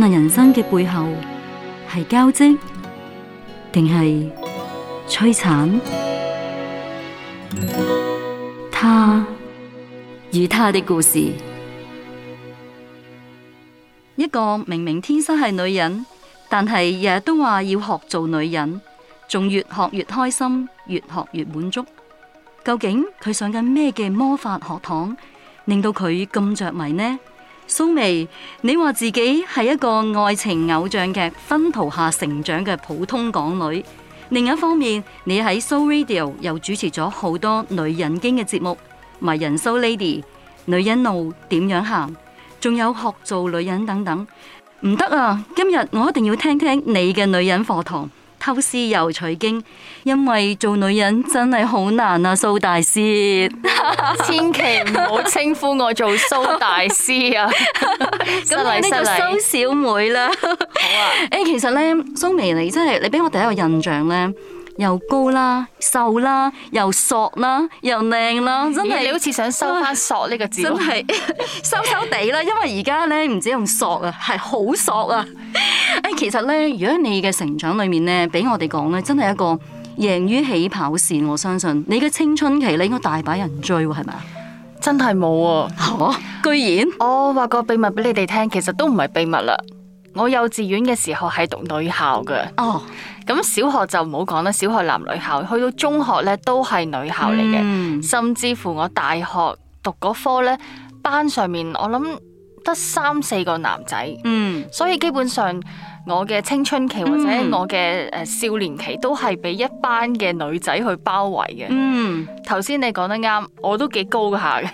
那人生嘅背後係交織，定係摧殘？她與她的故事，一個明明天生係女人，但係日日都話要學做女人，仲越學越開心，越學越滿足。究竟佢上緊咩嘅魔法學堂，令到佢咁着迷呢？蘇眉，so、May，你話自己係一個愛情偶像劇熏陶下成長嘅普通港女，另一方面，你喺 Show Radio 又主持咗好多女人經嘅節目，埋人 Show、mm hmm. Show Lady，女人路點樣行，仲有學做女人等等，唔得啊！今日我一定要聽聽你嘅女人課堂。偷師又取經，因為做女人真係好難啊！蘇大師， 千祈唔好稱呼我做蘇大師啊！咁呢個蘇小妹啦。 好啊，誒，其實咧，蘇眉你真係，你俾我第一個印象咧。又高啦，瘦啦，又索啦，又靚啦，真係你好似想收翻索呢、啊、個字真係是， 收收哋啦，因為而家咧唔止用索，索啊，係好索啊！哎，其實咧，如果你嘅成長裏面咧，俾我哋講咧，真係一個贏於起跑線，我相信你嘅青春期你應該大把人追，係咪啊？真係冇啊！吓，居然？我話個秘密俾你哋聽，其實都唔係秘密啦。我幼稚園嘅時候係讀女校嘅。哦，咁小學就唔好講啦，小學男女校，去到中學咧都係女校嚟嘅，mm. 甚至乎我大學讀嗰科咧，班上面我，我諗得三四個男仔，嗯，mm. 所以基本上我嘅青春期或者、mm. 我嘅誒少年期都係俾一班嘅女仔去包圍嘅。嗯，頭先你講得啱，我都幾高下嘅。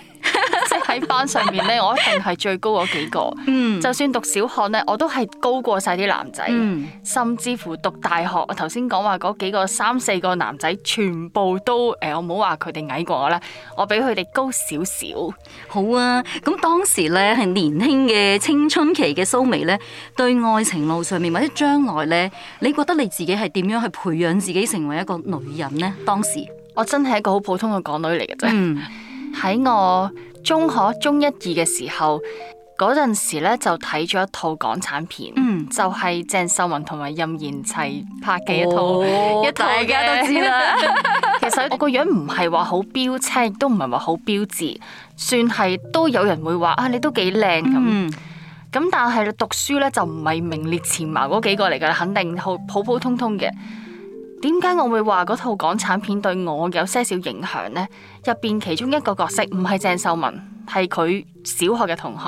即係喺班上面咧，我一定係最高嗰幾個。嗯，就算讀小學咧，我都係高過晒啲男仔，嗯、甚至乎讀大學。我頭先講話嗰幾個三四個男仔，全部都誒、呃，我唔好話佢哋矮過我啦，我比佢哋高少少。好啊，咁當時咧係年輕嘅青春期嘅蘇眉咧，對愛情路上面或者將來咧，你覺得你自己係點樣去培養自己成為一個女人呢？當時我真係一個好普通嘅港女嚟嘅啫，喺 我。中學中一二嘅時候，嗰陣時咧就睇咗一套港產片，嗯、就係鄭秀文同埋任賢齊拍嘅一套，哦、一套大家的都知啦。 其實我個樣唔係話好標青，都唔係話好標致，算係都有人會話啊，你都幾靚咁。咁、嗯、但係讀書咧就唔係名列前茅嗰幾個嚟噶，肯定好普普通通嘅。點解我會話嗰套港產片對我有些少影響呢？入邊其中一個角色唔係鄭秀文，係佢小學嘅同學。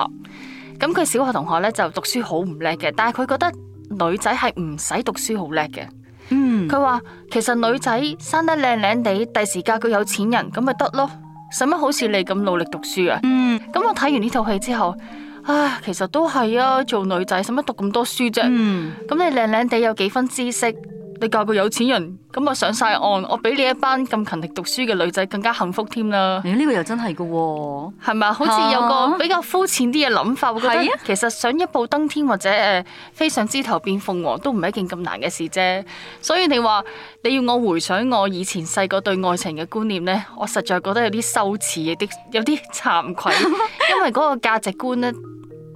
咁佢小學同學咧就讀書好唔叻嘅，但係佢覺得女仔係唔使讀書好叻嘅。佢話，嗯，其實女仔生，生得靚靚地，第時嫁個有錢人咁咪得咯。使乜好似你咁努力讀書啊？嗯，咁我睇完呢套戲之後，啊，其實都係啊，做女仔使乜讀咁多書啫？嗯，咁你靚靚地有幾分知識？你教個有錢人咁啊，上晒岸，我比你一班咁勤力讀書嘅女仔更加幸福添啦。呢個又真係噶、哦，係咪？好似有個比較膚淺啲嘅諗法，覺得其實想一步登天或者誒，飛上枝頭變鳳凰都唔係一件咁難嘅事啫。所以你話你要我回想我以前細個對愛情嘅觀念呢？我實在覺得有啲羞恥，有啲有啲慚愧，因為嗰個價值觀呢，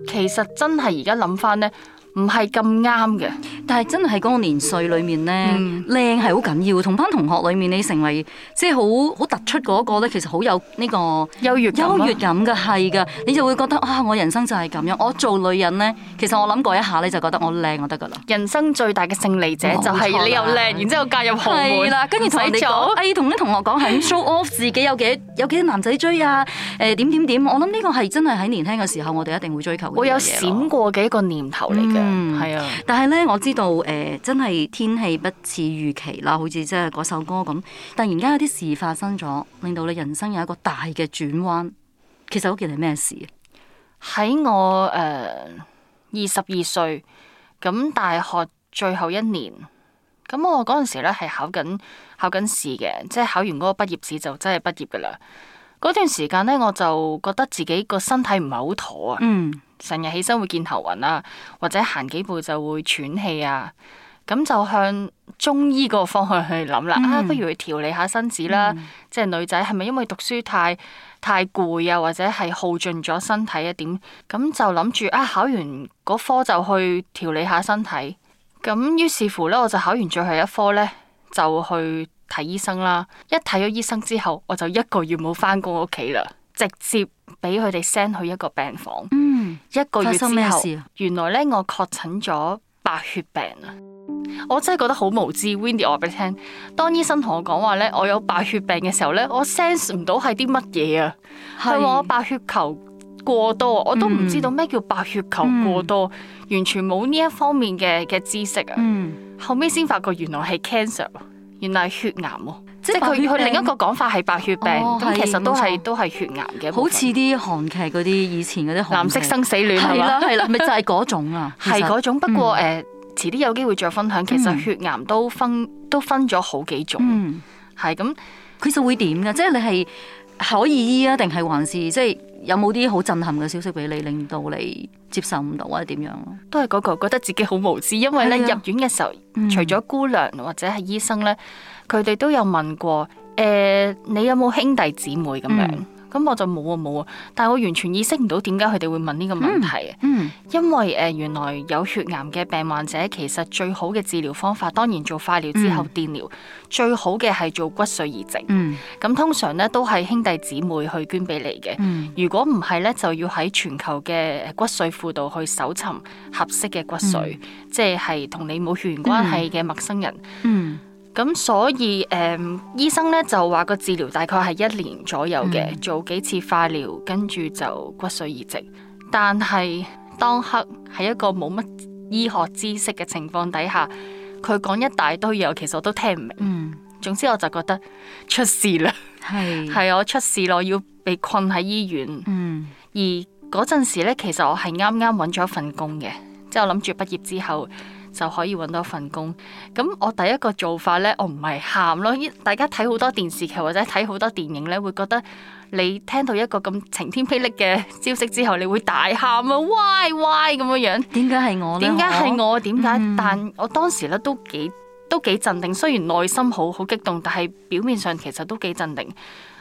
其實真係而家諗翻呢。唔係咁啱嘅，但係真係喺嗰個年歲裏面咧，靚係好緊要。同班同學裏面，你成為即係好好突出嗰、那個咧，其實好有呢、這個優越優越感嘅係噶，你就會覺得啊，我人生就係咁樣。我做女人咧，其實我諗過一下咧，就覺得我靚，我得噶啦。人生最大嘅勝利者就係你又靚，然之後加入豪門，係啦，跟住同你講，哎，同啲同學講，係 show off 自己有幾有幾多男仔追啊？誒、呃，點點點。我諗呢個係真係喺年輕嘅時候，我哋一定會追求嘅。我有閃過嘅一個念頭嚟嘅。嗯，係啊。但係咧，我知道誒、呃，真係天氣不似預期啦，好似即係嗰首歌咁。突然間有啲事發生咗，令到你人生有一個大嘅轉彎。其實嗰件係咩事？喺我誒二十二歲，咁、呃、大學最後一年，咁我嗰陣時咧係考緊考緊試嘅，即係考完嗰個畢業試就真係畢業㗎喇。嗰段時間咧，我就覺得自己個身體唔係好妥啊。嗯。成日起身會見頭暈啊，或者行幾步就會喘氣啊，咁就向中醫個方向去諗啦。嗯、啊，不如去調理下身子啦。嗯、即係女仔係咪因為讀書太太攰啊，或者係耗盡咗身體啊？點咁就諗住啊，考完嗰科就去調理下身體。咁於是乎呢，我就考完最後一科呢，就去睇醫生啦。一睇咗醫生之後，我就一個月冇翻過屋企啦。直接俾佢哋 send 去一個病房，嗯、一個月之後，原來咧我確診咗白血病啊！我真係覺得好無知，Wendy 我話俾你聽， you，當醫生同我講話咧，我有白血病嘅時候咧，我 sense 唔到係啲乜嘢啊？佢話是我白血球過多，嗯、我都唔知道咩叫白血球過多，嗯、完全冇呢一方面嘅嘅知識啊！嗯、後尾先發覺原來係 cancer，原來係血癌啊！即係佢佢另一個講法係白血病，咁其實都係都係血癌嘅，好似啲韓劇嗰啲以前嗰啲藍色生死戀係嘛？係啦，咪就係嗰種啊，係嗰種。不過誒，遲啲有機會再分享。其實血癌都分都分咗好幾種，係咁，佢就會點㗎？即係你係可以醫啊，定係還是即係有冇啲好震撼嘅消息俾你，令到你接受唔到或者點樣？都係嗰個覺得自己好無知，因為咧入院嘅時候，除咗姑娘或者係醫生咧。佢哋都有問過，誒、呃，你有冇兄弟姊妹咁樣？咁、嗯、我就冇啊冇啊，但係我完全意識唔到點解佢哋會問呢個問題嘅。嗯嗯、因為誒、呃，原來有血癌嘅病患者，其實最好嘅治療方法當然做化療之後電療，嗯、最好嘅係做骨髓移植。咁、嗯、通常咧都係兄弟姊妹去捐俾你嘅。嗯、如果唔係咧，就要喺全球嘅骨髓庫度去搜尋合適嘅骨髓，嗯、即係同你冇血緣關係嘅陌生人。嗯嗯咁所以，誒、嗯、醫生咧就話個治療大概係一年左右嘅，嗯、做幾次化療，跟住就骨髓移植。但係當刻喺一個冇乜醫學知識嘅情況底下，佢講一大堆嘢，其實我都聽唔明。嗯，總之我就覺得出事啦，係係是 我出事咯，要被困喺醫院。嗯、而嗰陣時咧，其實我係啱啱揾咗一份工嘅，即係我諗住畢業之後。就可以揾到一份工。咁我第一個做法呢，我唔係喊咯。大家睇好多電視劇或者睇好多電影呢，會覺得你聽到一個咁晴天霹靂嘅消息之後，你會大喊啊！Why why 咁樣樣？點解係我咧？點解係我？點解？Mm hmm. 但我當時咧都幾都幾鎮定，雖然內心好好激動，但係表面上其實都幾鎮定。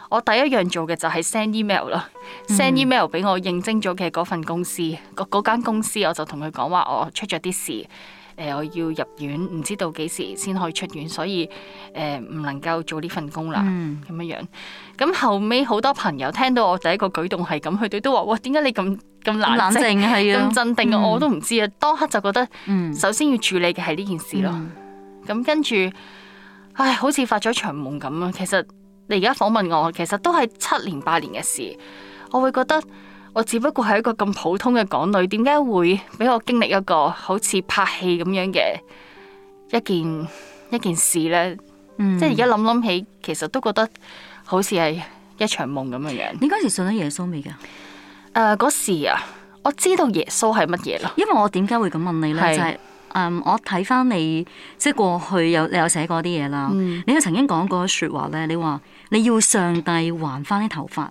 我第一樣做嘅就係 send email 啦、mm hmm.，send email 俾我應徵咗嘅嗰份公司嗰嗰、mm hmm. 間公司，我就同佢講話，我出咗啲事。誒、呃，我要入院，唔知道幾時先可以出院，所以誒，唔、呃、能夠做呢份工啦。咁樣、嗯、樣，咁後尾好多朋友聽到我第一個舉動係咁，佢哋都話：「哇，點解你咁咁冷靜啊？咁的鎮定、嗯、我都唔知啊。當刻就覺得，嗯、首先要處理嘅係呢件事咯。咁跟住，唉，好似發咗場夢咁啊。其實你而家訪問我，其實都係七年八年嘅事，我會覺得。我只不過係一個咁普通嘅港女，點解會俾我經歷一個好似拍戲咁樣嘅一件一件事咧？嗯，即係而家諗諗起，其實都覺得好似係一場夢咁嘅樣。你嗰時信咗耶穌未噶？誒，呃，嗰時啊，我知道耶穌係乜嘢咯。因為我點解會咁問你咧？是，就係，是，嗯，我睇翻你即係過去有你有寫過啲嘢啦。你有曾經講過說話咧？你話你要上帝還翻啲頭髮。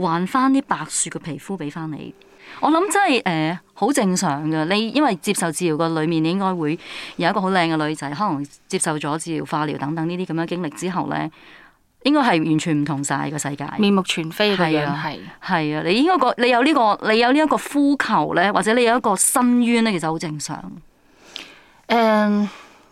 還翻啲白雪嘅皮膚俾翻你，我諗真係誒好正常嘅。你因為接受治療個裏面你應該會有一個好靚嘅女仔，可能接受咗治療、化療等等呢啲咁嘅經歷之後呢，應該係完全唔同晒。個世界，面目全非嘅樣係啊，啊！你應該個你有呢、呢個你有呢一個呼求呢，或者你有一個深淵呢，其實好正常。誒、嗯，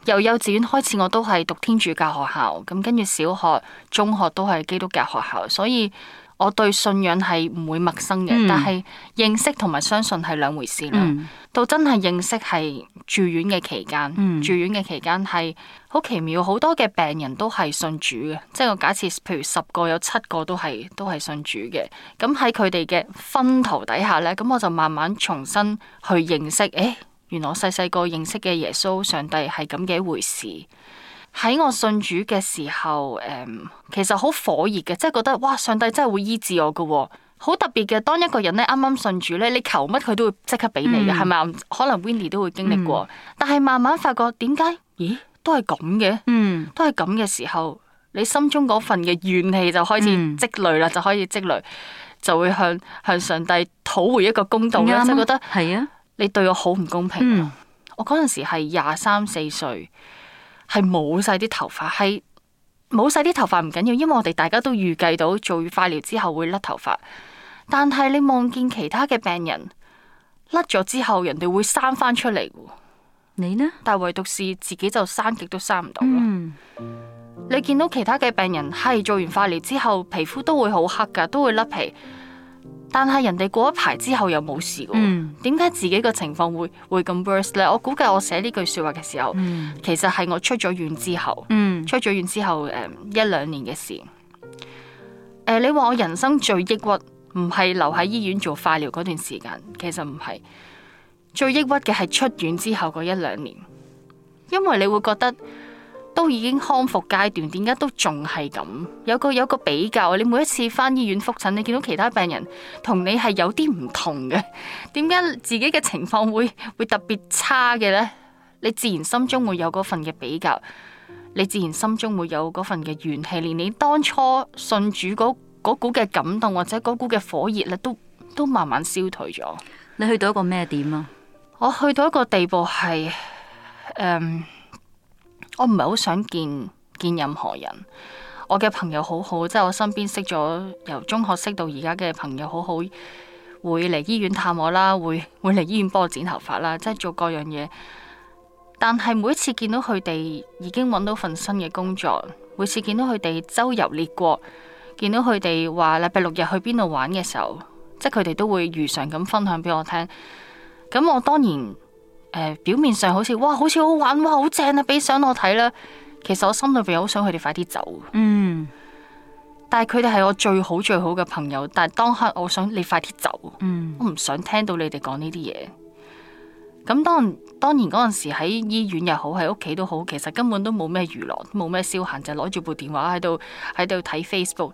由幼稚園開始我都係讀天主教學校，咁跟住小學、中學都係基督教學校，所以，我對信仰係唔會陌生嘅。嗯、但係認識同埋相信係兩回事啦。嗯、到真係認識係住院嘅期間，嗯、住院嘅期間係好奇妙，好多嘅病人都係信主嘅，即、就、係、是、我假設，譬如十個有七個都係都係信主嘅。咁喺佢哋嘅熏陶底下呢，咁我就慢慢重新去認識，誒、欸，原來我細細個認識嘅耶穌上帝係咁嘅一回事。喺我信主嘅時候，誒，其實好火熱嘅，即係覺得哇，上帝真係會醫治我噶，好特別嘅。當一個人咧啱啱信主咧，你求乜佢都會即刻俾你嘅，係咪？可能 Winnie 都會經歷過。但係慢慢發覺點解？咦，都係咁嘅，都係咁嘅時候，你心中嗰份嘅怨氣就開始積累啦，就開始積累，就會向向上帝討回一個公道啦，就覺得係啊，你對我好唔公平啊！我嗰陣時係廿三四歲。係冇晒啲頭髮，係冇晒啲頭髮唔緊要，因為我哋大家都預計到做完化療之後會甩頭髮，但係你望見其他嘅病人甩咗之後人，人哋會生翻出嚟。你呢？但係唯獨是自己就生極都生唔到啦。Mm. 你見到其他嘅病人係做完化療之後，皮膚都會好黑噶，都會甩皮。但係人哋過一排之後又冇事嘅，點解、mm. 自己嘅情況會會咁 worse 咧？我估計我寫呢句說話嘅時候，mm. 其實係我出咗院之後，mm. 出咗院之後誒、um, 一兩年嘅事。呃、你話我人生最抑鬱唔係留喺醫院做化療嗰段時間，其實唔係。最抑鬱嘅係出院之後嗰一兩年，因為你會覺得。都已經康復階段，點解都仲係咁？有個有個比較，你每一次翻醫院復診，你見到其他病人同你係有啲唔同嘅，點解自己嘅情況會會特別差嘅呢？你自然心中會有嗰份嘅比較，你自然心中會有嗰份嘅怨氣，連你當初信主嗰股嘅感動或者嗰股嘅火熱咧，都都慢慢消退咗。你去到一個咩點啊？我去到一個地步係，嗯我唔係好想見見任何人。我嘅朋友好好，即係我身邊識咗由中學識到而家嘅朋友好好，會嚟醫院探我啦，會會嚟醫院幫我剪頭髮啦，即係做各樣嘢。但係每次見到佢哋已經揾到份新嘅工作，每次見到佢哋周遊列國，見到佢哋話禮拜六日去邊度玩嘅時候，即係佢哋都會如常咁分享俾我聽。咁我當然。表面上好似哇，好似好玩哇，好正啊！俾相我睇啦。其實我心裏邊好想佢哋快啲走。嗯。但係佢哋係我最好最好嘅朋友。但係當刻我想你快啲走。嗯。我唔想聽到你哋講呢啲嘢。咁當當然嗰陣時喺醫院又好，喺屋企都好，其實根本都冇咩娛樂，冇咩消閒，就攞住部電話喺度喺度睇 Facebook。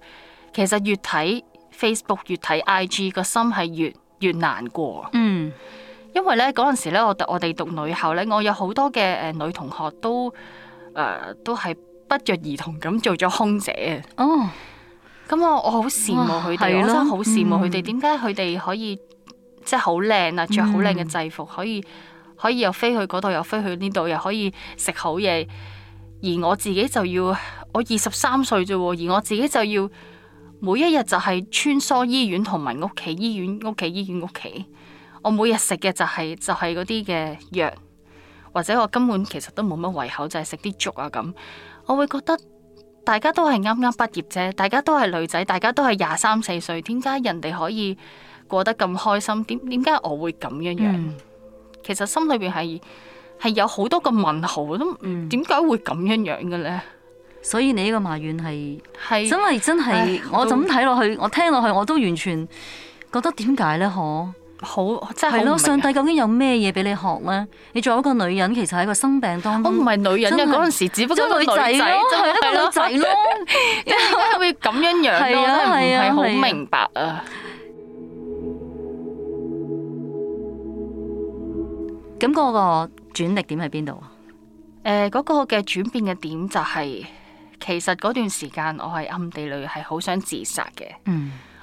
其實越睇 Facebook，越睇 IG，個心係越越難過。嗯。因為咧嗰陣時咧，我我哋讀女校咧，我有好多嘅誒女同學都誒、呃、都係不約而同咁做咗空姐啊。哦，咁我我好羨慕佢哋，我真好羨慕佢哋。點解佢哋可以即係好靚啊？着好靚嘅制服，可以可以又飛去嗰度，又飛去呢度，又可以食好嘢。而我自己就要我二十三歲啫，而我自己就要每一日就係穿梭醫院同埋屋企，醫院屋企醫院屋企。我每日食嘅就係、是、就係嗰啲嘅藥，或者我根本其實都冇乜胃口，就係食啲粥啊咁。我會覺得大家都係啱啱畢業啫，大家都係女仔，大家都係廿三四歲，點解人哋可以過得咁開心？點點解我會咁樣樣？嗯、其實心裏邊係係有好多個問號，咁點解會咁樣樣嘅咧？所以你呢個埋怨係係是真係真係，唉真的我咁睇落去，我聽落去我都完全覺得點解咧？可。好，即係好係咯，上帝究竟有咩嘢俾你學咧？你做一個女人，其實喺個生病當中，我唔係女人、啊，真係嗰時，只不過係女，女仔咯，係一個女仔咯，點解 會咁樣樣咧？ 啊、我真係唔係好明白啊！咁嗰、啊啊啊、個轉捩點喺邊度啊？誒、呃，嗰、嗰個嘅轉變嘅點就係、係，其實嗰段時間我係暗地裏係好想自殺嘅，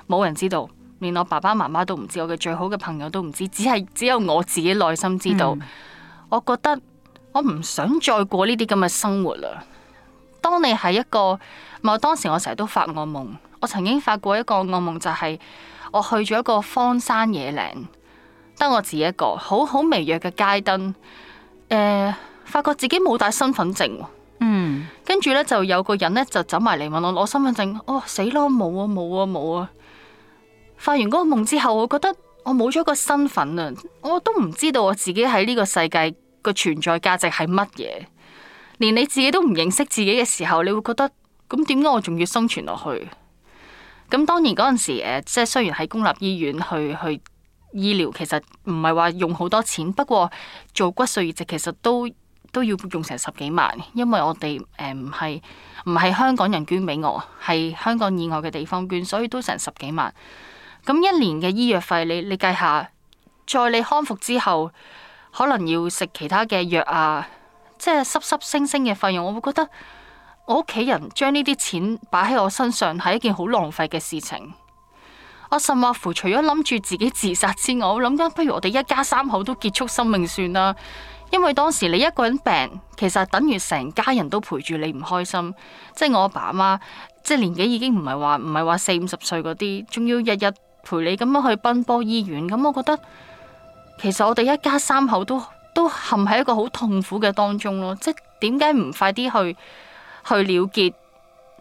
冇、嗯、人知道。連我爸爸媽媽都唔知，我嘅最好嘅朋友都唔知，只係只有我自己內心知道。嗯、我覺得我唔想再過呢啲咁嘅生活啦。當你係一個，我當時我成日都發惡夢，我曾經發過一個惡夢，就係我去咗一個荒山野嶺，得我自己一個，好好微弱嘅街燈。誒、呃，發覺自己冇帶身份證。嗯，跟住呢，就有個人呢就走埋嚟問我攞身份證。哦，死咯，冇啊，冇啊，冇啊！發完嗰個夢之後，我覺得我冇咗個身份啊！我都唔知道我自己喺呢個世界個存在價值係乜嘢。連你自己都唔認識自己嘅時候，你會覺得咁點解我仲要生存落去？咁當然嗰陣時誒，即係雖然喺公立醫院去去醫療，其實唔係話用好多錢，不過做骨髓移植其實都都要用成十幾萬，因為我哋誒唔係唔係香港人捐俾我，係香港以外嘅地方捐，所以都成十幾萬。咁一年嘅醫藥費，你你計下，在你康復之後，可能要食其他嘅藥啊，即係濕濕星星嘅費用，我會覺得我屋企人將呢啲錢擺喺我身上係一件好浪費嘅事情。我甚至乎除咗諗住自己自殺之外，我諗緊不如我哋一家三口都結束生命算啦。因為當時你一個人病，其實等於成家人都陪住你唔開心。即係我阿爸阿媽，即係年紀已經唔係話唔係話四五十歲嗰啲，仲要日日。陪你咁樣去奔波醫院，咁我覺得其實我哋一家三口都都陷喺一個好痛苦嘅當中咯即係點解唔快啲去去了結？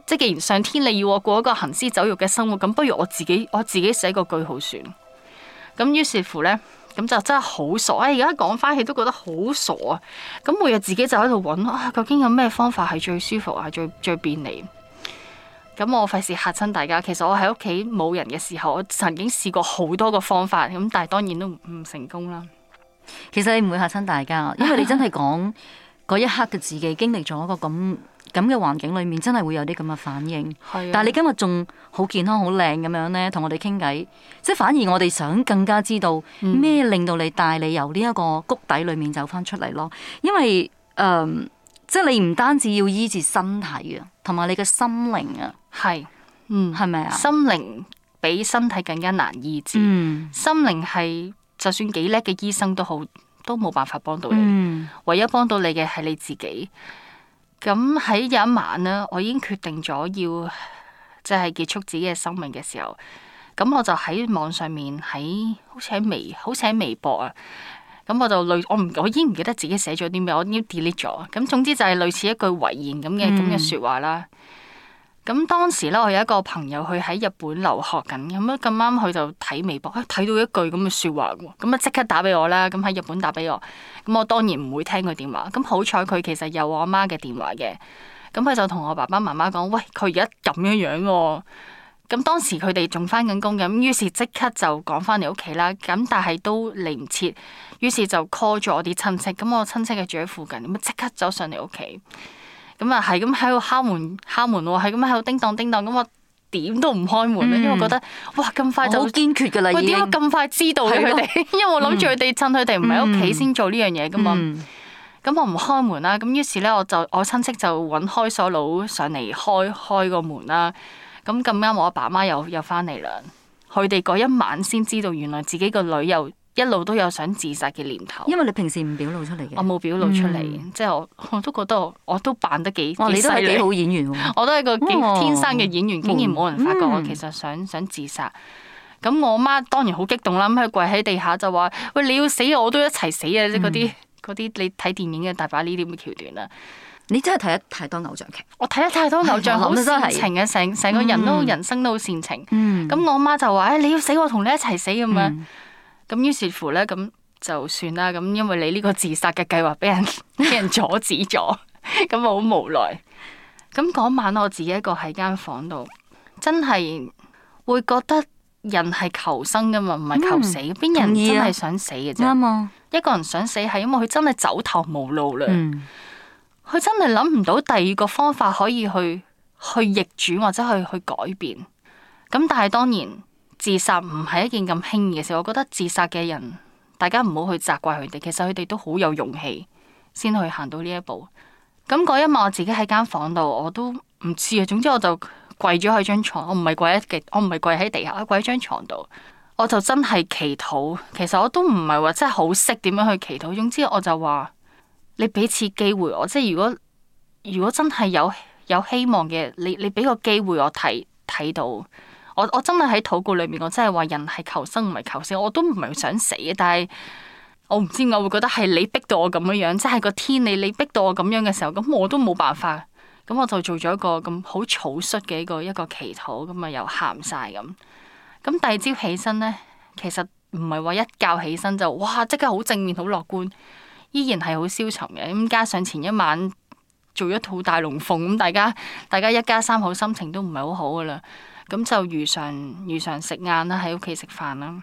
即既然上天你要我過一個行屍走肉嘅生活，咁不如我自己我自己寫個句號算。咁於是乎呢，咁就真係好傻啊。誒，而家講翻起都覺得好傻啊！咁每日自己就喺度揾啊，究竟有咩方法係最舒服啊，最最便利？咁我費事吓親大家，其實我喺屋企冇人嘅時候，我曾經試過好多個方法，咁但係當然都唔成功啦。其實你唔會吓親大家，因為你真係講嗰一刻嘅自己，經歷咗一個咁咁嘅環境裏面，真係會有啲咁嘅反應。係啊，但係你今日仲好健康、好靚咁樣咧，同我哋傾偈，即係反而我哋想更加知道咩令到你帶你由呢一個谷底裏面走翻出嚟。咯。嗯、因為誒。嗯即係你唔單止要醫治身體啊，同埋你嘅心靈啊，係，嗯，係咪啊？心靈比身體更加難醫治，嗯、心靈係就算幾叻嘅醫生都好，都冇辦法幫到你。嗯、唯一幫到你嘅係你自己。咁喺有一晚呢，我已經決定咗要即係結束自己嘅生命嘅時候，咁我就喺網上面喺，好似喺微，好似喺微博啊。咁我就累，我唔我已經唔記得自己寫咗啲咩，我已經 delete 咗。咁總之就係類似一句遺言咁嘅咁嘅説話啦。咁、嗯、當時咧，我有一個朋友佢喺日本留學緊，咁啊咁啱佢就睇微博，睇、哎、到一句咁嘅説話喎，咁啊即刻打俾我啦。咁喺日本打俾我，咁我當然唔會聽佢電話。咁好彩佢其實有我阿媽嘅電話嘅，咁佢就同我爸爸媽媽講：喂，佢而家咁樣樣、啊、喎。咁當時佢哋仲翻緊工嘅，咁於是即刻就趕翻嚟屋企啦。咁但係都嚟唔切，於是就 call 咗我啲親戚。咁我親戚就住喺附近，咁即刻走上嚟屋企。咁啊，係咁喺度敲門，敲門喎，係咁喺度叮當叮當。咁我點都唔開門咧，因為我覺得哇咁快就好堅決噶啦。點解咁快知道係佢哋？因為我諗住佢哋趁佢哋唔喺屋企先做呢、嗯嗯、樣嘢噶嘛。咁我唔開門啦。咁於是咧，我就我親戚就揾開鎖佬上嚟開開個門啦。咁咁啱，我阿爸媽又又翻嚟啦。佢哋嗰一晚先知道，原來自己個女又一路都有想自殺嘅念頭。因為你平時唔表露出嚟嘅，我冇表露出嚟。嗯、即係我，我都覺得我都扮得幾，哇幾你都係幾好演員喎、啊。我都係個幾、哦、天生嘅演員，竟然冇人發覺我其實想想自殺。咁我媽，媽當然好激動啦。咁佢跪喺地下就話：喂，你要死我都一齊死啊！嗯、即嗰啲嗰啲你睇電影嘅大把呢啲咁嘅橋段啦。你真係睇得太多偶像劇，我睇得太多偶像，好煽情嘅，成成個人都，嗯、人生都好煽情。咁、嗯、我媽就話：誒、哎、你要死，我同你一齊死咁樣。咁、嗯、於是乎咧，咁就算啦。咁因為你呢個自殺嘅計劃俾人俾 人阻止咗，咁我好無奈。咁嗰晚我自己一個喺間房度，真係會覺得人係求生噶嘛，唔係求死。邊、嗯、人真係想死嘅啫？一個人想死係因為佢真係走投無路啦。嗯嗯佢真係諗唔到第二個方法可以去去逆轉或者去去改變。咁但係當然自殺唔係一件咁輕易嘅事。我覺得自殺嘅人，大家唔好去責怪佢哋。其實佢哋都好有勇氣先去行到呢一步。咁嗰一晚我自己喺間房度，我都唔知啊。總之我就跪咗喺張床，我唔係跪喺地，我唔係跪喺地下，跪喺張床度。我就真係祈禱。其實我都唔係話真係好識點樣去祈禱。總之我就話，你俾次機會我，即係如果如果真係有有希望嘅，你你俾個機會我睇睇到，我我真係喺禱告裏面，我真係話人係求生唔係求死，我都唔係想死嘅，但係我唔知點解會覺得係你逼到我咁樣樣，即係個天你你逼到我咁樣嘅時候，咁我都冇辦法，咁我就做咗一個咁好草率嘅一個一個祈禱，咁咪又喊晒。咁。咁第二朝起身呢，其實唔係話一覺起身就哇即刻好正面好樂觀。依然係好消沉嘅咁，加上前一晚做一套大龍鳳咁，大家大家一家三口心情都唔係好好噶啦。咁就如常如常食晏啦，喺屋企食飯啦。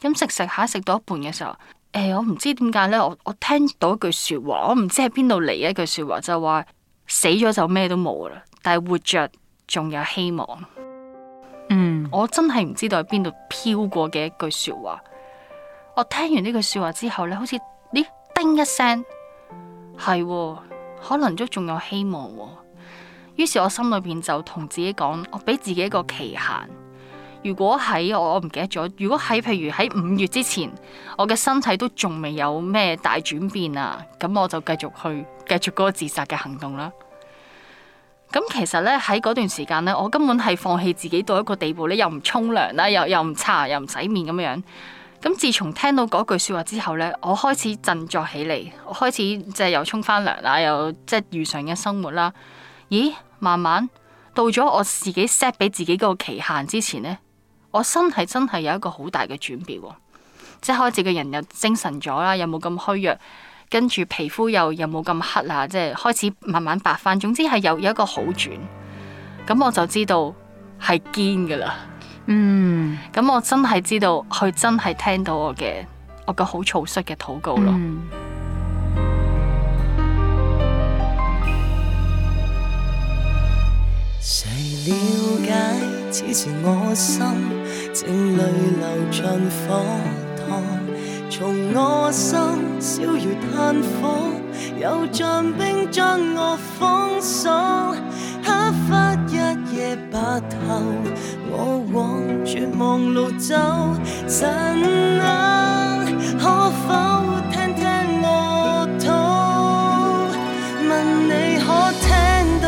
咁食食下食到一半嘅時候，誒我唔知點解咧，我我聽到一句說話，我唔知喺邊度嚟一句說話，就話死咗就咩都冇啦，但係活着仲有希望。嗯，我真係唔知道喺邊度飄過嘅一句說話。我聽完呢句說話之後咧，好似咦～叮一聲，係喎，可能都仲有希望啊。於是我心裏邊就同自己講：我俾自己一個期限。如果喺我唔記得咗，如果喺譬如喺五月之前，我嘅身體都仲未有咩大轉變啊，咁我就繼續去繼續嗰個自殺嘅行動啦。咁其實呢，喺嗰段時間呢，我根本係放棄自己到一個地步咧，又唔沖涼啦，又又唔擦，又唔洗面咁樣。咁自從聽到嗰句說話之後呢，我開始振作起嚟，我開始即係又沖翻涼啦，又即係如常嘅生活啦。咦，慢慢到咗我自己 set 俾自己個期限之前呢，我身體真係有一個好大嘅轉變喎，即係開始個人又精神咗啦，又冇咁虛弱，跟住皮膚又又冇咁黑啊，即係開始慢慢白翻，總之係有有一個好轉，咁我就知道係堅噶啦。嗯，咁、mm. 我真係知道佢真係聽到我嘅，我個好草率嘅禱告咯。Mm. 從我心燒如炭火，又像冰將我封鎖。黑髮一夜白頭，我往絕望路走。神啊，可否聽聽我禱？問你可聽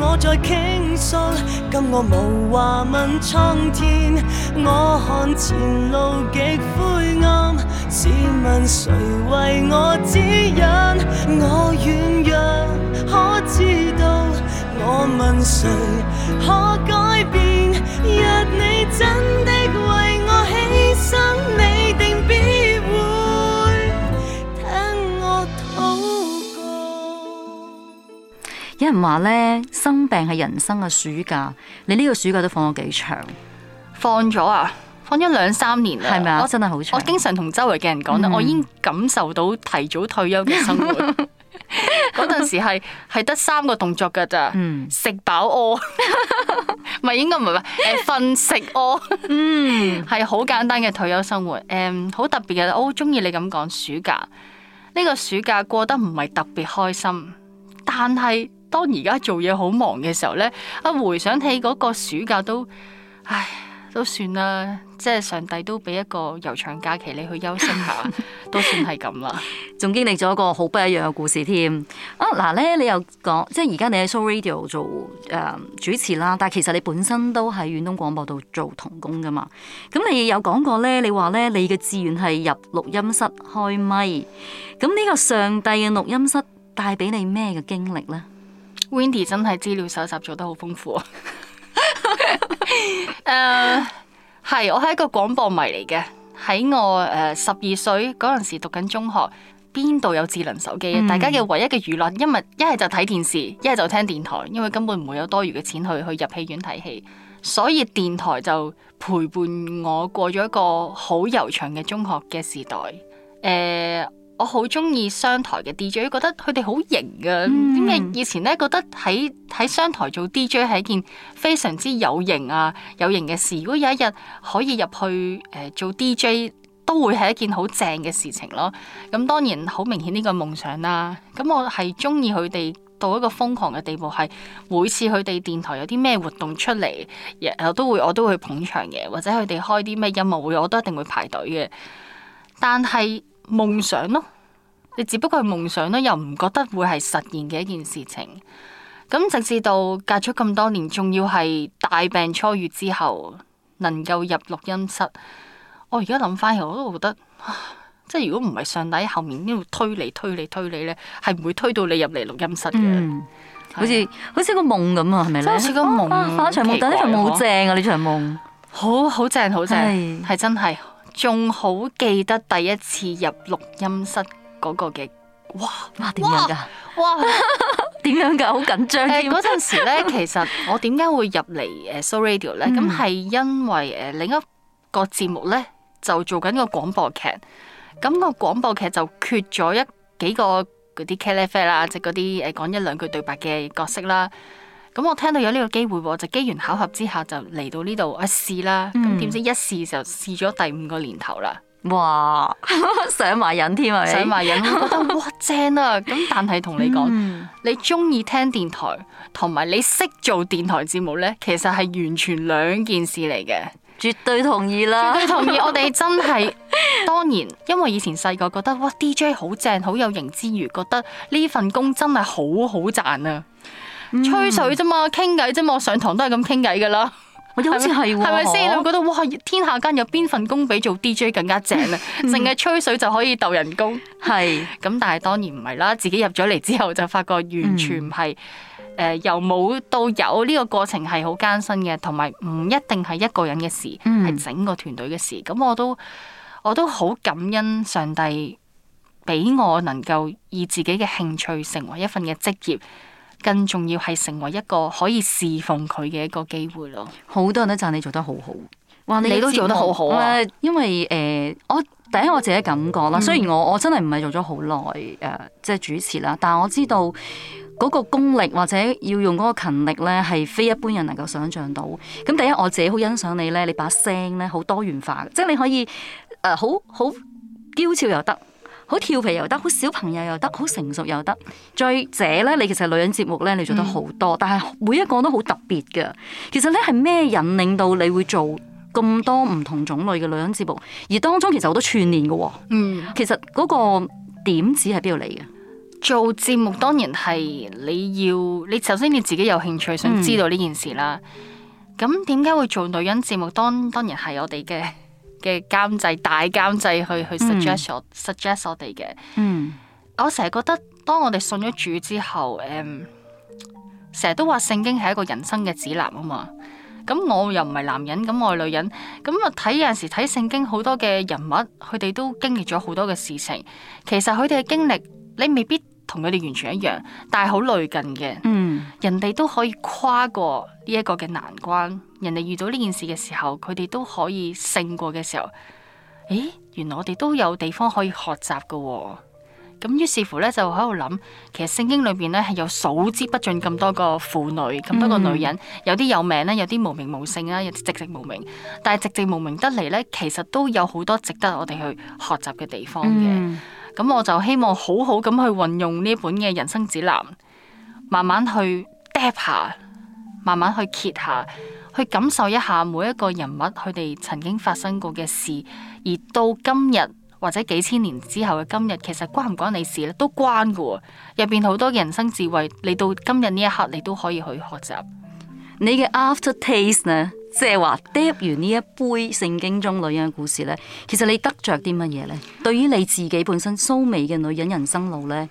到我在傾？今我無話問蒼天，我看前路極灰暗，試問誰為我指引。我軟弱，可知道？我問誰可改變？若你真的為我犧牲，話咧，生病係人生嘅暑假。你呢個暑假都放咗幾長？放咗啊，放咗兩三年啦，係咪啊？Oh, 真係好長。我經常同周圍嘅人講啦，mm. 我已經感受到提早退休嘅生活嗰陣 時係係得三個動作噶咋、mm. 飽 呃，食飽屙咪應該唔係咪？誒、呃，瞓食屙，嗯，係好簡單嘅退休生活。誒，好特別嘅，我好中意你咁講暑假呢、這個暑假過得唔係特別開心，但係。當而家做嘢好忙嘅時候咧，啊，回想起嗰個暑假都，唉都算啦，即係上帝都俾一個悠長假期你去休息下， 都算係咁啦。仲經歷咗一個好不一樣嘅故事添啊！嗱、啊、咧，你又講即係而家你喺 So Radio 做誒、呃、主持啦，但係其實你本身都喺遠東廣播度做同工噶嘛。咁你有講過咧，你話咧你嘅志願係入錄音室開咪，咁呢個上帝嘅錄音室帶俾你咩嘅經歷咧？Windy 真係資料搜集做得好豐富。誒、 uh,，係我係一個廣播迷嚟嘅。喺我誒十二歲嗰陣時讀緊中學，邊度有智能手機、嗯、大家嘅唯一嘅娛樂，一咪一係就睇電視，一係就聽電台，因為根本唔會有多餘嘅錢去去入戲院睇戲，所以電台就陪伴我過咗一個好悠長嘅中學嘅時代。誒、uh,。我好中意商台嘅 DJ，覺得佢哋好型㗎！點解、嗯、以前咧覺得喺喺商台做 DJ 係一件非常之有型啊有型嘅事。如果有一日可以入去誒、呃、做 DJ，都會係一件好正嘅事情咯。咁、嗯、當然好明顯呢個夢想啦。咁、嗯、我係中意佢哋到一個瘋狂嘅地步，係每次佢哋電台有啲咩活動出嚟，亦都會我都會捧場嘅，或者佢哋開啲咩音樂會，我都一定會排隊嘅。但係。夢想咯，你只不過係夢想咯，又唔覺得會係實現嘅一件事情。咁直至到隔咗咁多年，仲要係大病初愈之後，能夠入錄音室，我而家諗翻起，我都覺得，即係如果唔係上帝後面一路推你推你推你咧，係唔會推到你入嚟錄音室嘅。好似好似個夢咁啊，係咪咧？似個夢啊！呢場夢真係呢場夢正啊，呢場夢好好正，好正，係真係。仲好記得第一次入錄音室嗰個嘅哇，媽點樣噶？哇，點 樣噶？好緊張嗰陣時咧，其實我點解會入嚟誒，Show Radio 咧？咁係、嗯、因為誒、呃，另一個節目咧就做緊個廣播劇，咁、那個廣播劇就缺咗一幾個嗰啲茄喱啡啦，即係嗰啲誒講一兩句對白嘅角色啦。咁我聽到有呢個機會喎，就機緣巧合之下就嚟到呢度、啊嗯、一試啦。咁點知一試就試咗第五個年頭啦。哇，上埋癮添啊！上埋癮，我覺得 哇正啊！咁但係同你講，嗯、你中意聽電台同埋你識做電台節目呢，其實係完全兩件事嚟嘅，絕對同意啦。絕對同意我，我哋真係當然，因為以前細個覺得哇 DJ 好正、好有型之餘，覺得呢份工真係好，好好賺啊！吹水啫嘛，傾偈啫嘛，我上堂都係咁傾偈噶啦。好似係喎，係咪先？你 會覺得哇，天下間有邊份工比做 DJ 更加正啊？淨係 吹水就可以鬥人工，係咁。 但係當然唔係啦，自己入咗嚟之後就發覺完全唔係誒、 呃、由冇到有呢、呢個過程係好艱辛嘅，同埋唔一定係一個人嘅事，係 整個團隊嘅事。咁我都我都好感恩上帝俾我能夠以自己嘅興趣成為一份嘅職業。更重要係成為一個可以侍奉佢嘅一個機會咯，好多人都讚你做得好好，哇！你都做得好好啊，因為誒，呃，我第一我自己感覺啦，雖然我我真係唔係做咗好耐誒，即係主持啦，但係我知道嗰個功力或者要用嗰個勤力咧，係非一般人能夠想像到。咁第一我自己好欣賞你咧，你把聲咧好多元化，即係你可以誒好好嬌俏又得，好調皮又得，好小朋友又得，好成熟又得。再者咧，你其實女人節目咧，你做得好多，嗯、但係每一個都好特別嘅。其實咧，係咩引領到你會做咁多唔同種類嘅女人節目？而當中其實好多串連嘅、哦。嗯，其實嗰個點子係邊度嚟嘅？做節目當然係你要，你首先你自己有興趣想知道呢件事啦。咁點解會做女人節目？當當然係我哋嘅。嘅監製、大監製去去 suggest, suggest、mm. 我 suggest、mm. 我哋嘅，我成日覺得當我哋信咗主之後，誒，成日都話聖經係一個人生嘅指南啊嘛。咁我又唔係男人，咁我係女人，咁啊睇有陣時睇聖經好多嘅人物，佢哋都經歷咗好多嘅事情。其實佢哋嘅經歷，你未必同佢哋完全一樣，但係好類近嘅。嗯，mm. 人哋都可以跨過呢一個嘅難關。人哋遇到呢件事嘅時候，佢哋都可以勝過嘅時候，誒，原來我哋都有地方可以學習噶、哦。咁於是乎呢，就喺度諗，其實聖經裏邊呢，係有數之不盡咁多個婦女，咁多個女人，有啲有名咧，有啲無名無姓啦，有啲籍籍無名。但係籍籍無名得嚟呢，其實都有好多值得我哋去學習嘅地方嘅。咁、嗯、我就希望好好咁去運用呢本嘅人生指南，慢慢去 de 下，慢慢去揭下。去感受一下每一個人物佢哋曾經發生過嘅事，而到今日或者幾千年之後嘅今日，其實關唔關你事咧？都關嘅，入邊好多嘅人生智慧，你到今日呢一刻，你都可以去學習。你嘅 after taste 呢？即係話跌完呢一杯聖經中女人嘅故事呢，其實你得着啲乜嘢呢？對於你自己本身蘇美嘅女人人生路呢，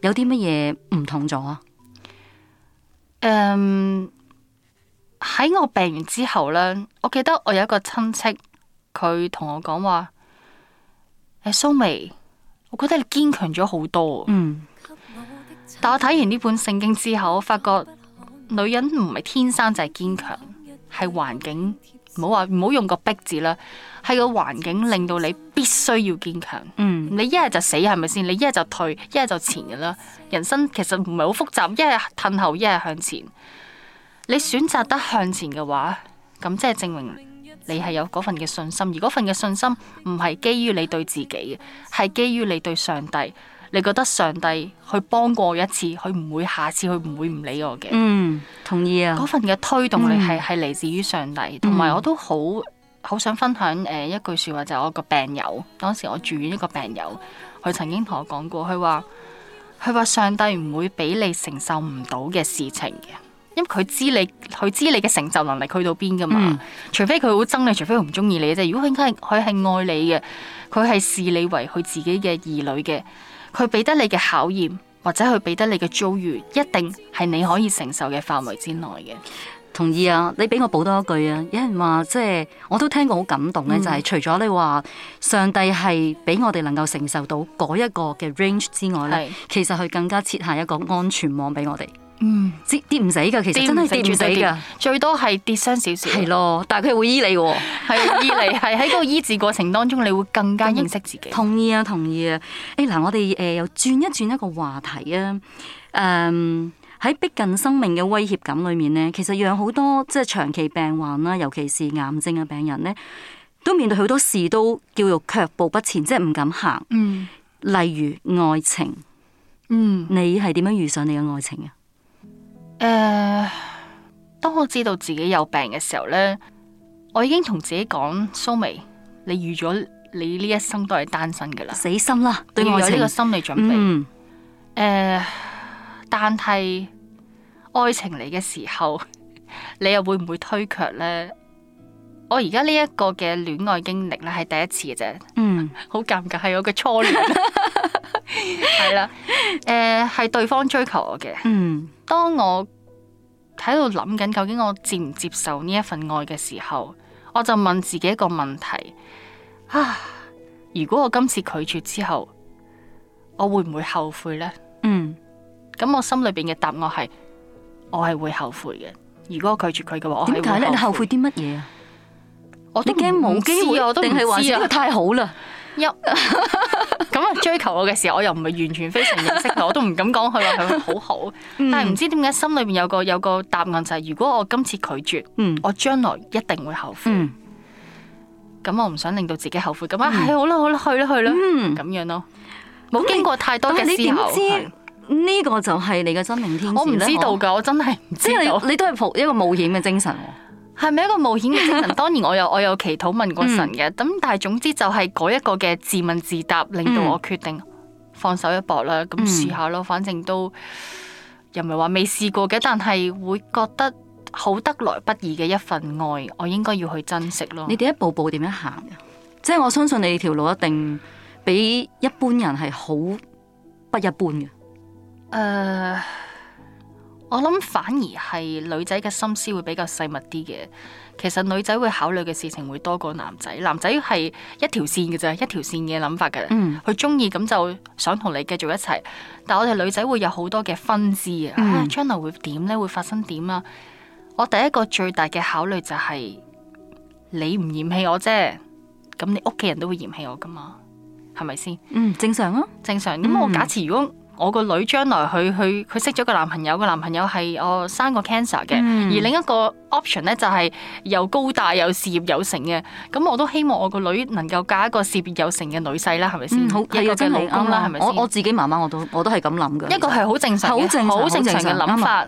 有啲乜嘢唔同咗啊？Um, 喺我病完之後呢，我記得我有一個親戚，佢同我講話，欸，蘇眉，我覺得你堅強咗好多。嗯，但我睇完呢本聖經之後，我發覺女人唔係天生就係堅強，係環境。唔好話，唔好用個逼字啦，係個環境令到你必須要堅強。嗯，你一係就死係咪先？你一係就退，一係就前噶啦。人生其實唔係好複雜，一係褪後，一係向前。你選擇得向前嘅話，咁即係證明你係有嗰份嘅信心，而嗰份嘅信心唔係基於你對自己嘅，係基於你對上帝。你覺得上帝去幫過我一次，佢唔會下次佢唔會唔理我嘅。嗯，同意啊。嗰份嘅推動力係係嚟自於上帝，同埋、嗯、我都好好想分享誒一句説話，就係、是、我個病友，當時我住院一個病友，佢曾經同我講過，佢話佢話上帝唔會俾你承受唔到嘅事情嘅。因佢知你，佢知你嘅承受能力去到邊噶嘛？嗯、除非佢好憎你，除非佢唔中意你啫。如果佢應該係佢係愛你嘅，佢係視你為佢自己嘅兒女嘅，佢俾得你嘅考驗或者佢俾得你嘅遭遇，一定係你可以承受嘅範圍之內嘅。同意啊，你俾我補多一句啊！有人話即係我都聽過好感動嘅，嗯、就係除咗你話上帝係俾我哋能夠承受到嗰一個嘅 range 之外咧，是其實佢更加設下一個安全網俾我哋。嗯，跌跌唔死噶，其實真係跌唔死噶，最多係跌傷少少係咯。但係佢會醫你嘅，係 醫你係喺嗰個醫治過程當中，你會更加認識自己。同意啊，同意啊。誒、哎、嗱，我哋誒、呃、又轉一轉一個話題啊。誒、嗯，喺逼近生命嘅威脅感裏面呢，其實有好多即係長期病患啦，尤其是癌症嘅病人呢，都面對好多事都叫做卻步不前，即係唔敢行。嗯、例如愛情，嗯，你係點樣遇上你嘅愛情啊？嗯誒，uh, 當我知道自己有病嘅時候咧，我已經同自己講，蘇眉，你預咗你呢一生都係單身噶啦，死心啦，要有呢個心理準備。誒、嗯，uh, 但係愛情嚟嘅時候，你又會唔會推卻咧？我而家呢一個嘅戀愛經歷咧係第一次嘅啫，嗯，好尷尬，係我嘅初戀，係 啦，誒， 係、uh, 對方追求我嘅，嗯。當我喺度諗緊究竟我接唔接受呢一份愛嘅時候，我就問自己一個問題：啊，如果我今次拒絕之後，我會唔會後悔呢？嗯，咁我心裏邊嘅答案係，我係會後悔嘅。如果我拒絕佢嘅話，點解呢？你後悔啲乜嘢啊？我驚冇機會，定係呢個太好啦。 追求我嘅時候，我又唔係完全非常認識，我都唔敢講佢話佢好好。但係唔知點解心裏邊有個有個答案就係、是，如果我今次拒絕，嗯、我將來一定會後悔。咁、嗯、我唔想令到自己後悔。咁啊，係好啦，好啦，去啦，去啦、嗯，咁樣咯，冇經過太多嘅思考，呢是個就係你嘅真命天子，我唔知道噶，我真係唔知、啊你。你你都係抱一個冒險嘅精神。係咪一個冒險嘅精神？當然我，我有我有祈禱問過神嘅，咁、嗯、但係總之就係嗰一個嘅自問自答，令到我決定放手一搏啦，咁試下咯，嗯、反正都又唔係話未試過嘅，但係會覺得好得來不易嘅一份愛，我應該要去珍惜咯。你哋一步步點樣行？即係我相信你條路一定比一般人係好不一般嘅。誒、呃。我諗反而係女仔嘅心思會比較細密啲嘅，其實女仔會考慮嘅事情會多過男仔，男仔係一條線嘅啫，一條線嘅諗法嘅，佢中意咁就想同你繼續一齊。但我哋女仔會有好多嘅分支，嗯、啊，將來會點咧？會發生點啊？我第一個最大嘅考慮就係、是、你唔嫌棄我啫，咁你屋企人都會嫌棄我噶嘛？係咪先？正常啊，正常。咁、嗯、我假設如果我個女將來佢佢佢識咗個男朋友，個男朋友係我生過 cancer 嘅。嗯、而另一個 option 咧就係、是、又高大又事業有成嘅。咁我都希望我個女能夠嫁一個事業有成嘅女婿啦，係咪先？好，嘅真冇啱啦，係咪？我我自己媽媽我都我都係咁諗㗎。一個係好正常嘅，好正常嘅諗法。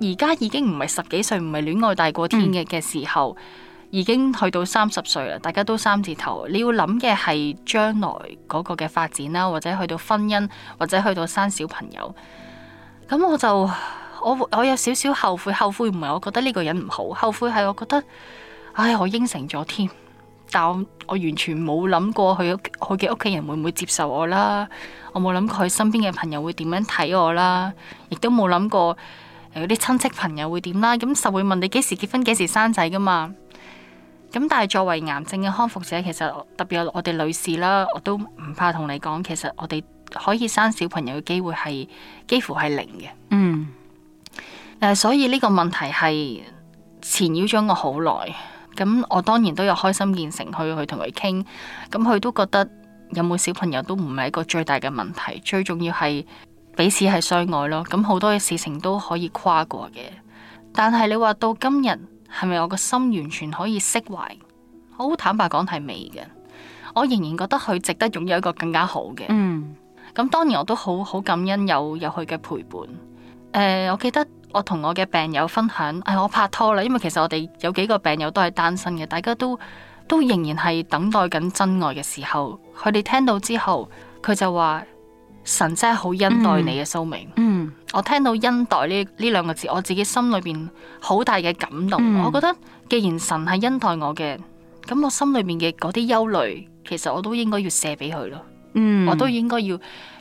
而家吧已經唔係十幾歲，唔係戀愛大過天嘅嘅時候。嗯已經去到三十歲啦，大家都三字頭。你要諗嘅係將來嗰個嘅發展啦，或者去到婚姻，或者去到生小朋友。咁我就我我有少少後悔，後悔唔係我覺得呢個人唔好，後悔係我覺得，唉，我應承咗添，但我，我完全冇諗過佢佢嘅屋企人會唔會接受我啦，我冇諗過佢身邊嘅朋友會點樣睇我啦，亦都冇諗過有啲親戚朋友會點啦。咁實會問你幾時結婚，幾時生仔噶嘛。咁但係作為癌症嘅康復者，其實特別係我哋女士啦，我都唔怕同你講，其實我哋可以生小朋友嘅機會係幾乎係零嘅，嗯呃。嗯，所以呢個問題係纏繞咗我好耐。咁我當然都有開心見誠去去同佢傾，咁佢、嗯、都覺得有冇小朋友都唔係一個最大嘅問題，最重要係彼此係相愛咯。咁、嗯、好多嘅事情都可以跨過嘅，但係你話到今日。係咪我個心完全可以釋懷？好坦白講，係未嘅，我仍然覺得佢值得擁有一個更加好嘅。嗯，咁當然我都好好感恩有有佢嘅陪伴。誒、呃，我記得我同我嘅病友分享，誒、哎、我拍拖啦，因為其實我哋有幾個病友都係單身嘅，大家都都仍然係等待緊真愛嘅時候，佢哋聽到之後，佢就話。神真係好恩待你嘅蘇明，嗯嗯、我聽到恩待呢呢兩個字，我自己心裏邊好大嘅感動。嗯、我覺得既然神係恩待我嘅，咁我心裏面嘅嗰啲憂慮，其實我都應該要卸俾佢咯，嗯、我都應該要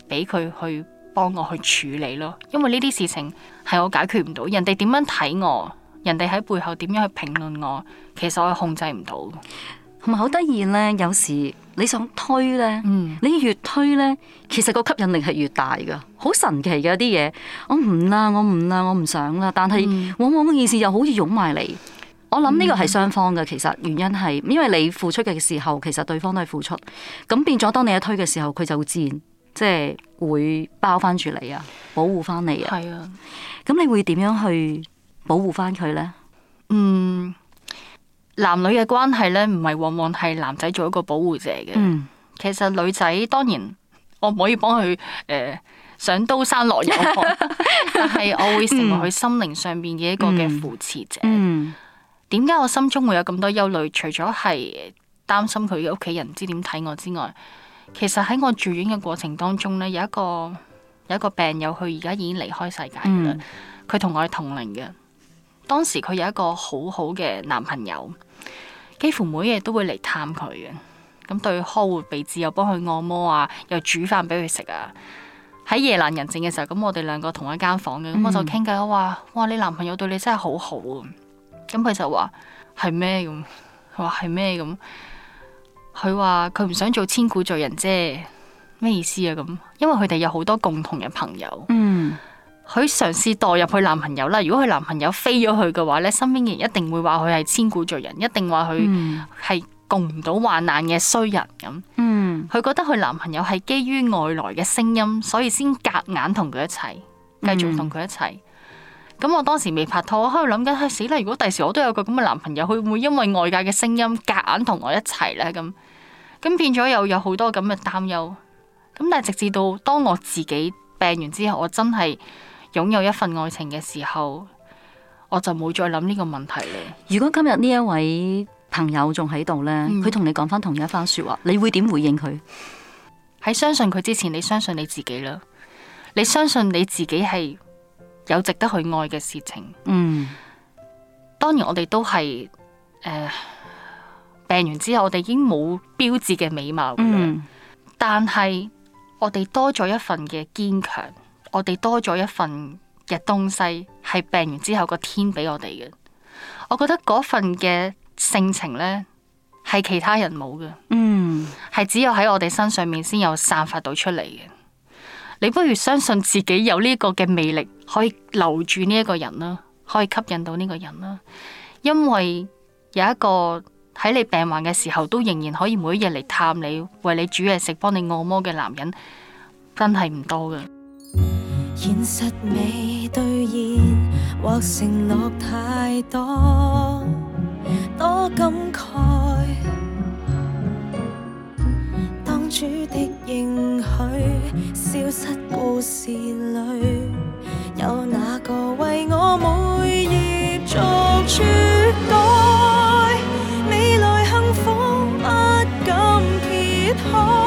俾佢去幫我去處理咯。因為呢啲事情係我解決唔到，人哋點樣睇我，人哋喺背後點樣去評論我，其實我係控制唔到。唔係好得意咧，有時你想推咧，你越推咧，其實個吸引力係越大噶，好神奇嘅啲嘢。我唔啦，我唔啦，我唔想啦。但係往往件事又好似擁埋嚟。我諗呢個係雙方嘅，其實原因係因為你付出嘅時候，其實對方都係付出。咁變咗，當你一推嘅時候，佢就會自然，即係會包翻住你啊，保護翻你啊。係啊，咁你會點樣去保護翻佢咧？是啊、嗯。男女嘅關係咧，唔係往往係男仔做一個保護者嘅。嗯、其實女仔當然我唔可以幫佢誒上刀山落油鍋， 但係我會成為佢心靈上邊嘅一個嘅扶持者。嗯，點、嗯、解我心中會有咁多憂慮？除咗係擔心佢嘅屋企人唔知點睇我之外，其實喺我住院嘅過程當中咧，有一個有一個病友，佢而家已經離開世界㗎啦。佢、嗯、同我係同齡嘅，當時佢有一個好好嘅男朋友。幾乎每日都會嚟探佢嘅，咁對呵護備至，又幫佢按摩啊，又煮飯俾佢食啊。喺夜闌人靜嘅時候，咁我哋兩個同一間房嘅，咁我就傾偈，我話、嗯，哇，你男朋友對你真係好好啊！咁佢就話：係咩咁？佢話係咩咁？佢話佢唔想做千古罪人啫，咩意思啊？咁，因為佢哋有好多共同嘅朋友。嗯。佢嘗試代入佢男朋友啦。如果佢男朋友飛咗佢嘅話咧，身邊嘅人一定會話佢係千古罪人，一定話佢係共唔到患難嘅衰人咁。嗯，佢覺得佢男朋友係基於外來嘅聲音，所以先夾硬同佢一齊，繼續同佢一齊。咁、mm. 我當時未拍拖，我喺度諗緊，佢、哎、死啦！如果第時我都有個咁嘅男朋友，佢會唔會因為外界嘅聲音夾硬同我一齊咧？咁咁變咗又有好多咁嘅擔憂。咁但係直至到當我自己病完之後，我真係擁有一份愛情嘅時候，我就冇再諗呢個問題咧。如果今日呢一位朋友仲喺度呢，佢同、嗯、你講翻同一番說話，你會點回應佢？喺相信佢之前，你相信你自己啦。你相信你自己係有值得去愛嘅事情。嗯。當然我，我哋都係誒病完之後，我哋已經冇標誌嘅美貌。嗯、但係我哋多咗一份嘅堅強。我哋多咗一份嘅東西，係病完之後個天俾我哋嘅，我覺得嗰份嘅性情呢，係其他人冇嘅，嗯，係只有喺我哋身上面先有散發到出嚟嘅。你不如相信自己有呢個嘅魅力，可以留住呢一個人啦，可以吸引到呢個人啦，因為有一個喺你病患嘅時候都仍然可以每一日嚟探你，為你煮嘢食，幫你按摩嘅男人真係唔多嘅。現實未兌現，或承諾太多，多感慨。當初的應許消失故事裏，有哪個為我每頁作註解？未來幸福不敢揭開。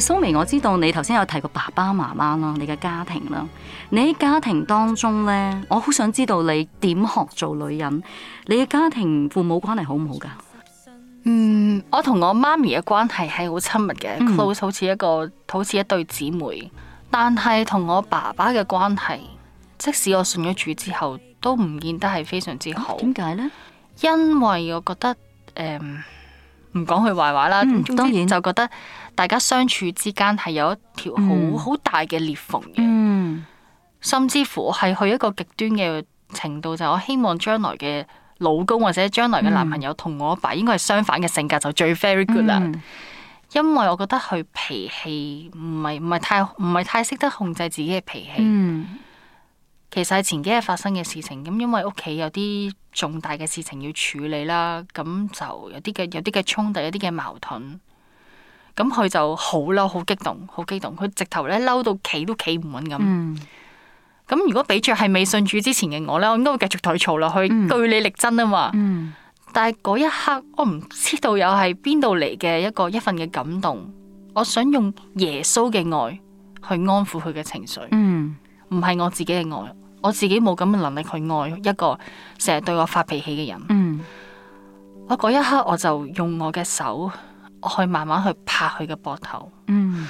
係蘇眉，我知道你頭先有提過爸爸媽媽啦，你嘅家庭啦，你喺家庭當中呢，我好想知道你點學做女人，你嘅家庭父母關係好唔好噶？嗯，我同我媽咪嘅關係係好親密嘅，嗯、，close 好似一個好似一對姊妹，但係同我爸爸嘅關係，即使我信咗主之後，都唔見得係非常之好。點解、哦、呢？因為我覺得誒。嗯唔講佢壞話啦，總之就覺得大家相處之間係有一條好好大嘅裂縫嘅，嗯、甚至乎係去一個極端嘅程度，就係，我希望將來嘅老公或者將來嘅男朋友同我阿爸，爸應該係相反嘅性格就最 very good 啦，嗯、因為我覺得佢脾氣唔係唔係太唔係太識得控制自己嘅脾氣。嗯其實係前幾日發生嘅事情，咁因為屋企有啲重大嘅事情要處理啦，咁就有啲嘅有啲嘅衝突，有啲嘅矛盾，咁佢就好嬲，好激動，好激動，佢直頭咧嬲到企都企唔穩咁。咁、嗯、如果比著係未信主之前嘅我咧，我應該會繼續退吵落去，嗯、據理力爭啊嘛。嗯、但係嗰一刻，我唔知道又係邊度嚟嘅一個一份嘅感動，我想用耶穌嘅愛去安撫佢嘅情緒，唔係、嗯、我自己嘅愛。我自己冇咁嘅能力去愛一個成日對我發脾氣嘅人。嗯、我嗰一刻，我就用我嘅手，我去慢慢去拍佢嘅膊頭。嗯、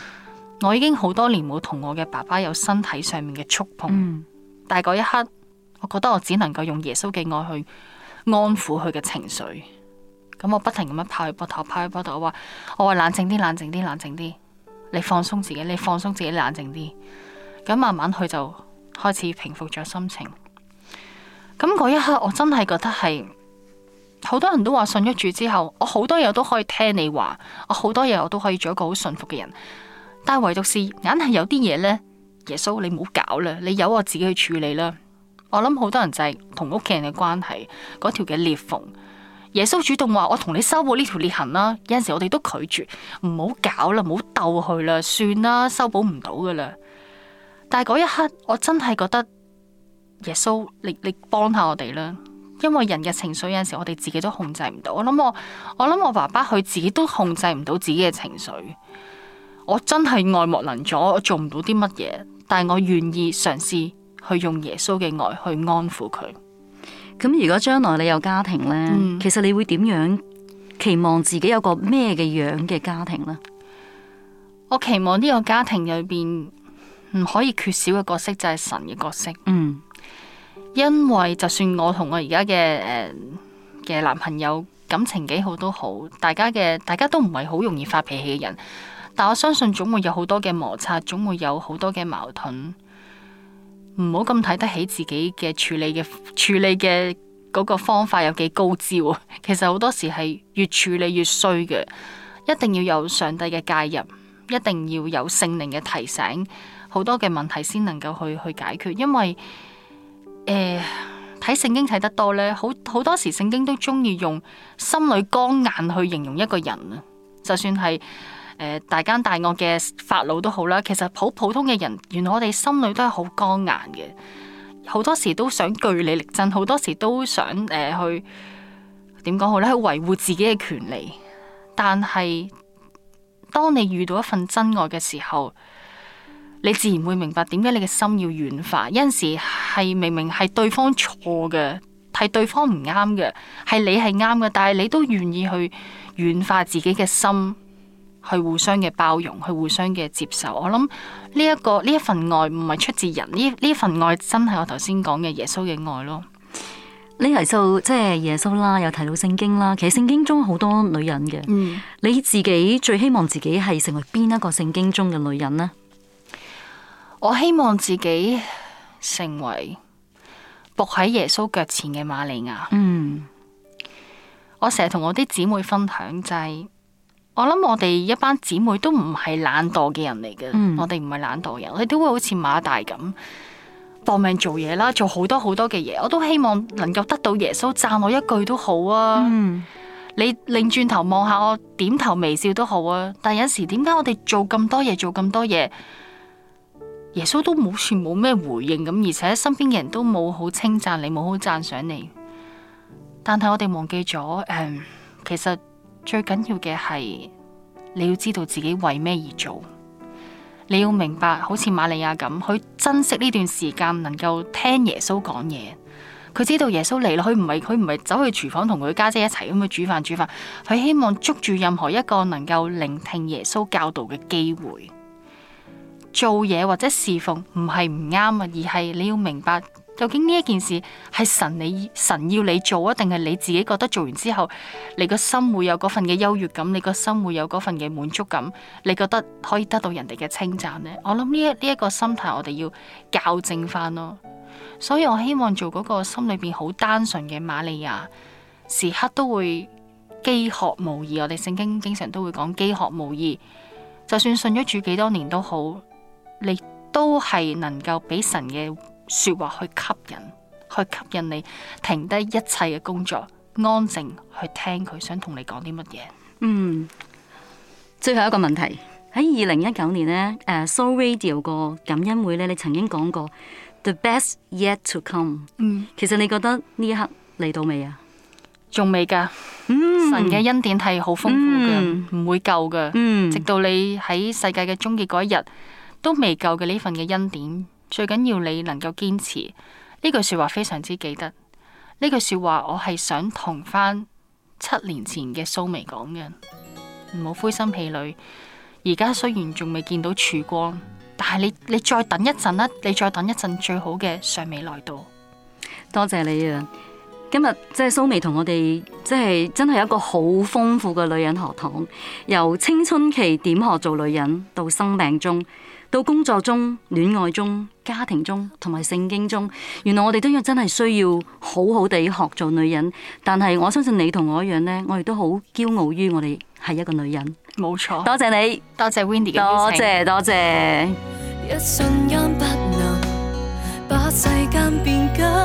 我已經好多年冇同我嘅爸爸有身體上面嘅觸碰，嗯、但係嗰一刻，我覺得我只能夠用耶穌嘅愛去安撫佢嘅情緒。咁我不停咁樣拍佢膊頭，拍佢膊頭，我話，我話冷靜啲，冷靜啲，冷靜啲。你放鬆自己，你放鬆自、自己，冷靜啲。咁慢慢佢就開始平復咗心情，咁嗰一刻我真係覺得係好多人都話信咗主之後，我好多嘢都可以聽你話，我好多嘢我都可以做一個好信服嘅人。但係唯獨是硬係有啲嘢呢，耶穌你唔好搞啦，你由我自己去處理啦。我諗好多人就係同屋企人嘅關係嗰條嘅裂縫，耶穌主動話我同你修補呢條裂痕啦，啊。有陣時我哋都拒絕，唔好搞啦，唔好鬥佢啦，算啦，修補唔到噶啦。但係嗰一刻，我真係覺得耶穌，你你幫下我哋啦，因為人嘅情緒有陣時我哋自己都控制唔到。我諗我，我諗我爸爸佢自己都控制唔到自己嘅情緒。我真係愛莫能助，我做唔到啲乜嘢，但係我願意嘗試去用耶穌嘅愛去安撫佢。咁如果將來你有家庭呢，嗯、其實你會點樣期望自己有個咩嘅樣嘅家庭呢？我期望呢個家庭裏邊。唔可以缺少嘅角色就係神嘅角色。就是、角色嗯，因為就算我同我而家嘅誒嘅男朋友感情幾好都好，大家嘅大家都唔係好容易發脾氣嘅人，但我相信總會有好多嘅摩擦，總會有好多嘅矛盾。唔好咁睇得起自己嘅處理嘅處理嘅嗰個方法有幾高招。其實好多時係越處理越衰嘅，一定要有上帝嘅介入，一定要有聖靈嘅提醒。好多嘅問題先能夠去去解決，因為誒睇聖經睇得多呢，好好多時聖經都中意用心裏剛硬去形容一個人啊。就算係誒、呃、大奸大惡嘅法老都好啦，其實好普，普通嘅人，原來我哋心裏都係好剛硬嘅，好多時都想據理力爭，好多時都想誒、呃、去點講好呢？去維護自己嘅權利。但係當你遇到一份真愛嘅時候，你自然會明白點解你嘅心要軟化。有陣時係明明係對方錯嘅，係對方唔啱嘅，係你係啱嘅，但係你都願意去軟化自己嘅心，去互相嘅包容，去互相嘅接受。我諗呢一個呢一份愛唔係出自人呢，呢份愛，真係我頭先講嘅耶穌嘅愛咯。你嚟到即係耶穌啦，又提到聖經啦。其實聖經中好多女人嘅，嗯，你自己最希望自己係成為邊一個聖經中嘅女人呢？我希望自己成為伏喺耶穌腳前嘅瑪利亞。嗯，我成日同我啲姊妹分享，就係、是、我諗我哋一班姊妹都唔係懶惰嘅人嚟嘅，嗯、我哋唔係懶惰人，我哋都會好似馬大咁搏命做嘢啦，做好多好多嘅嘢。我都希望能夠得到耶穌讚我一句都好啊，嗯、你擰轉頭望下我點頭微笑都好啊。但係有時點解我哋做咁多嘢，做咁多嘢？耶穌都冇算冇咩回應咁，而且身邊嘅人都冇好稱讚你，冇好讚賞你。但係我哋忘記咗，誒、嗯，其實最緊要嘅，係你要知道自己為咩而做。你要明白，好似瑪利亞咁，佢珍惜呢段時間能夠聽耶穌講嘢。佢知道耶穌嚟啦，佢唔係，佢唔係走去廚房同佢家姐一齊咁去煮飯煮飯。佢希望捉住任何一個能夠聆聽耶穌教導嘅機會。做嘢或者侍奉唔係唔啱啊，而係你要明白究竟呢一件事係神你神要你做啊，定係你自己覺得做完之後，你個心會有嗰份嘅優越感，你個心會有嗰份嘅滿足感，你覺得可以得到人哋嘅稱讚咧？我諗呢一呢一個心態我哋要校正翻咯。所以我希望做嗰個心裏邊好單純嘅瑪利亞，時刻都會飢渴慕義，我哋聖經經常都會講飢渴慕義，就算信咗主幾多年都好。你都係能夠俾神嘅說話去吸引，去吸引你停低一切嘅工作，安靜去聽佢想同你講啲乜嘢。嗯，最後一個問題，喺二零一九年呢 Soul Radio 個感恩會咧，你曾經講過 The best yet to come。嗯，其實你覺得呢一刻嚟到未啊？仲未噶，嗯，神嘅恩典係好豐富噶，唔、嗯，會夠噶，嗯，直到你喺世界嘅終結嗰一日。都未夠嘅呢份嘅恩典，最緊要你能夠堅持呢句說話，非常之記得呢句說話。我係想同翻七年前嘅蘇眉講嘅，唔好灰心氣餒。而家雖然仲未見到曙光，但係你你再等一陣啦，你再等一陣，最好嘅尚未來到。多謝你啊！今日即係蘇眉同我哋，即係真係一個好豐富嘅女人學堂，由青春期點學做女人到生命中。到工作中、戀愛中、家庭中同埋聖經中，原來我哋都要真係需要好好地學做女人。但係我相信你同我一樣呢，我哋都好驕傲於我哋係一個女人。冇錯，多謝你，多謝 Winnie 嘅邀請。多謝多謝。一瞬間不能把世間變更。